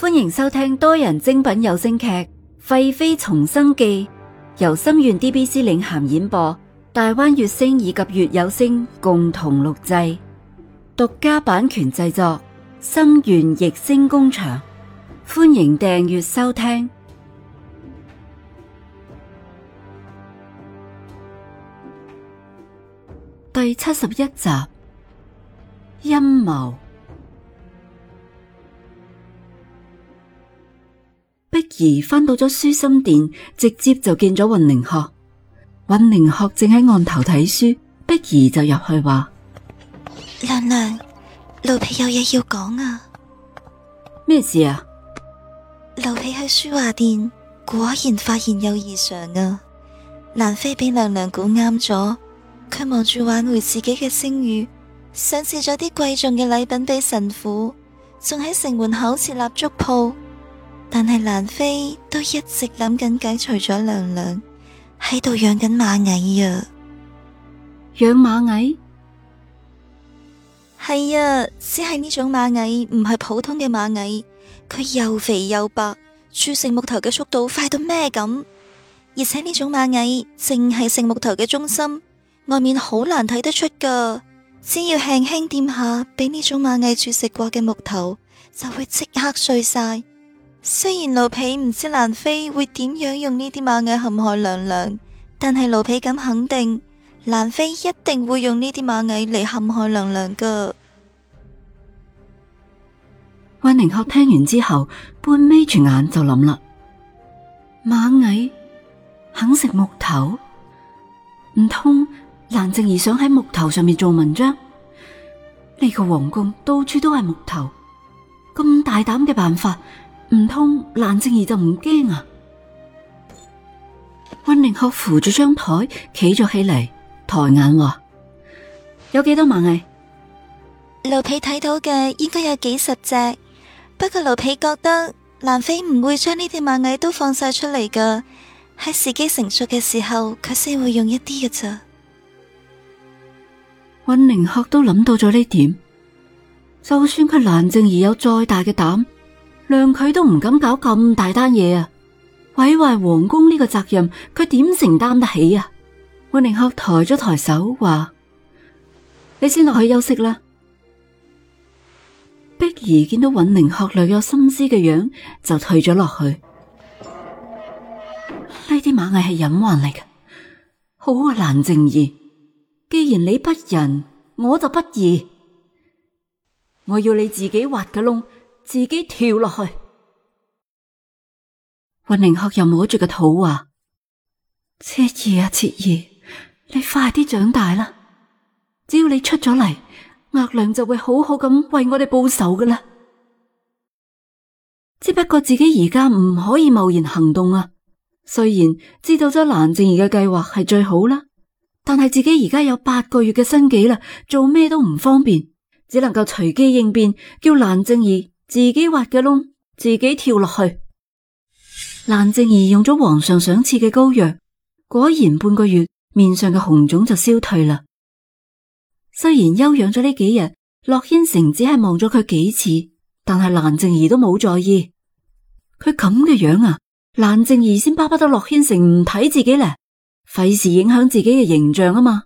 歡迎收聽多人精品有聲劇《廢妃重生記》，由心願 DBC 領銜演播，大灣月星以及月有聲共同錄製，獨家版權製作，心願逸聲工場。歡迎訂閱收聽第七十一集《陰謀》。而翻到咗書心殿，直接就見咗運寧鶴。運寧鶴正喺案頭睇書，碧兒就入去話：娘娘，奴婢有嘢要講啊。咩事啊？奴婢去書畫殿果然發現有異常啊。蘭妃俾娘娘估啱咗，佢忙住挽回自己嘅聲譽，想賜咗啲貴重嘅禮品俾神父，仲喺城門口設立粥鋪。但係蘭妃都一直諗緊解除咗娘娘喺度養緊螞蟻啊。養螞蟻？係啊，只係呢種螞蟻唔係普通嘅螞蟻，佢又肥又白，蛀食木頭嘅速度快到咩咁，而且呢種螞蟻淨係食木頭嘅中心，外面好難睇得出噶，只要輕輕掂下，俾呢種螞蟻蛀食過嘅木頭就會即刻碎晒。雖然奴婢唔知蘭妃會點樣用呢啲螞蟻陷害娘娘，但係奴婢敢肯定，蘭妃一定會用呢啲螞蟻嚟陷害娘娘噶。魏寧學聽完之後，半眯住眼就諗啦：螞蟻肯食木頭，唔通蘭靜兒想喺木頭上面做文章？呢個皇宮到處都係木頭，咁大膽嘅辦法！唔通蘭靜兒就唔驚啊？溫寧學扶住張台，企咗起嚟，抬眼話：有幾多螞蟻？奴婢睇到嘅應該有幾十隻，不過奴婢覺得蘭妃唔會將呢啲螞蟻都放晒出嚟噶，喺時機成熟嘅時候，佢先會用一啲嘅啫。溫寧學都諗到咗呢點，就算佢蘭靜兒有再大嘅膽。諒佢都唔敢搞咁大單嘢啊！毀壞皇宮呢個責任，佢點承擔得起啊？尹寧鶴抬咗抬手，話你先落去休息啦。碧兒見到尹寧鶴略有心思嘅樣，就退咗落去。呢啲螞蟻係隱患嚟嘅，好啊，蘭靜兒，既然你不仁，我就不義。我要你自己挖個窿。自己跳落去。雲寧鶴又摸住個肚話：切兒啊，切兒，你快啲長大啦！只要你出咗嚟，額娘就會好好咁為我哋報仇噶啦。只不過自己而家唔可以貿然行動啊。雖然知道咗蘭靜兒嘅計劃係最好啦，但係自己而家有八個月嘅身紀啦，做咩都唔方便，只能夠隨機應變，叫蘭靜兒自己挖嘅窿，自己跳落去。蘭靜兒用咗皇上賞賜嘅膏藥，果然半個月面上嘅紅腫就消退啦。雖然休養咗呢幾日，洛軒成只係望咗佢幾次，但係蘭靜兒都冇在意。佢咁嘅樣啊，蘭靜兒先巴不得洛軒成唔睇自己咧，費事影響自己嘅形象啊嘛，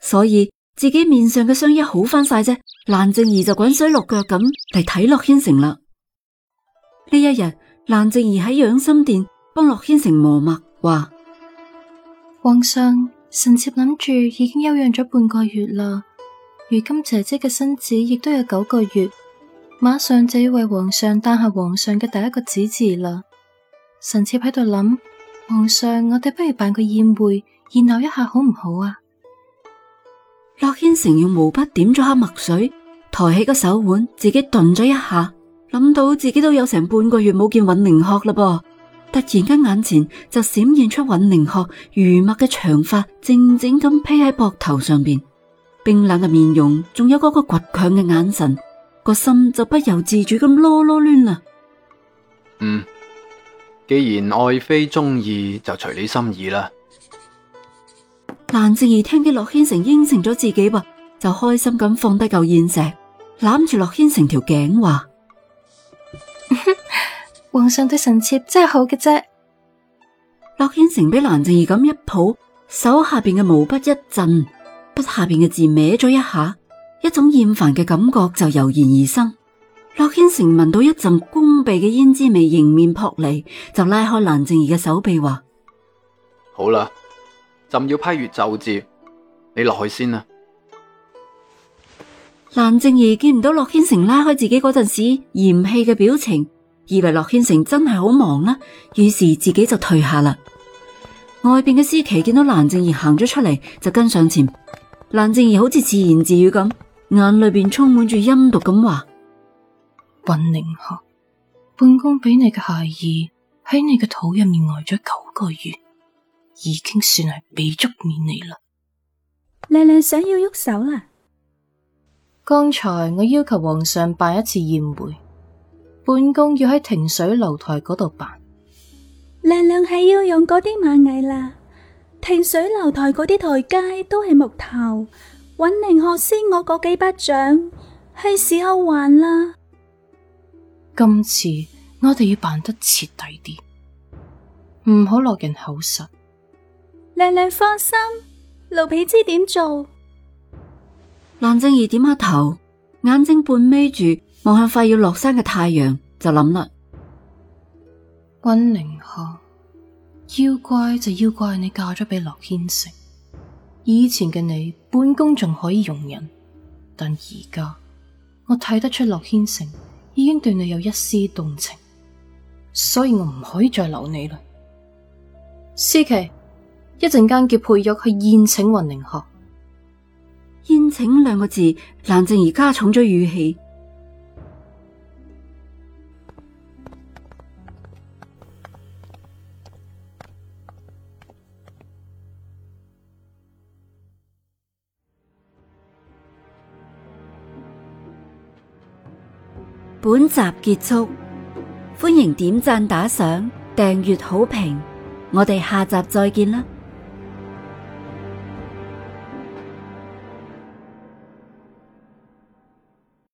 所以。自己面上嘅傷一好翻晒啫，蘭靜兒就滾水落腳咁嚟睇洛軒成啦。呢一日，蘭靜兒喺養心殿幫洛軒成磨墨，話皇上，臣妾諗住已經休養咗半個月啦，如今姐姐嘅身子亦都有九個月，馬上就要為皇上誕下皇上嘅第一個子嗣啦。臣妾喺度諗，皇上，我哋不如辦個宴會熱鬧一下好好，好唔好啊？天成用毛筆點咗下墨水，抬起個手腕，自己頓咗一下，諗到自己都有成半個月冇見尹寧鶴啦噃，突然間眼前就閃現出尹寧鶴如墨嘅長髮，靜靜咁披喺膊頭上邊，冰冷嘅面容，仲有嗰個倔強嘅眼神，個心就不由自主咁囉囉攣啦。嗯，既然愛妃中意，就隨你心意啦。蘭靜兒聽見洛軒成應承咗自己噃，就開心咁放低嚿硯石，攬住洛軒成條頸話：皇 上對臣妾真係好嘅啫。洛軒成俾蘭靜兒咁一抱，手下邊嘅毛筆一震，筆下邊嘅字歪咗一下，一種厭煩嘅感覺就油然而生。洛軒成聞到一陣攻鼻嘅胭脂味迎面撲嚟，就拉開蘭靜兒嘅手臂話：好啦。朕要批閱奏折，你落去先啦。蘭靜兒見唔到洛軒成拉開自己嗰陣時嫌棄嘅表情，以為洛軒成真係好忙啦，啊，於是自己就退下啦。外邊嘅思琪見到蘭靜兒行咗出嚟，就跟上前。蘭靜兒好似自言自語咁，眼裏邊充滿住陰毒咁話：尹寧學，本宮俾你嘅孩兒喺你嘅肚入面呆咗九個月。已經算係俾足面你啦，娘娘想要喐手啦、啊。剛才我要求皇上辦一次宴會，本宮要喺停水樓台嗰度辦。娘娘係要用嗰啲螞蟻啦，停水樓台嗰啲台階都係木頭，允寧學師我嗰幾巴掌係時候還啦。今次我哋要辦得徹底啲，唔好落人口實。娘娘放心，奴婢知點做。蘭靜兒點下頭，眼睛半眯住望向快要落山嘅太陽，就諗啦：君寧可要怪就要怪你嫁咗俾洛軒城。以前嘅你，本宮仲可以容忍，但而家我睇得出洛軒城已經對你有一絲動情，所以我唔可以再留你啦，思琪。一陣間叫配玉去宴請云寧鶴。宴請兩個字，蘭靜兒加重咗語氣。本集結束，歡迎點讚打賞、訂閱好評，我哋下集再見啦！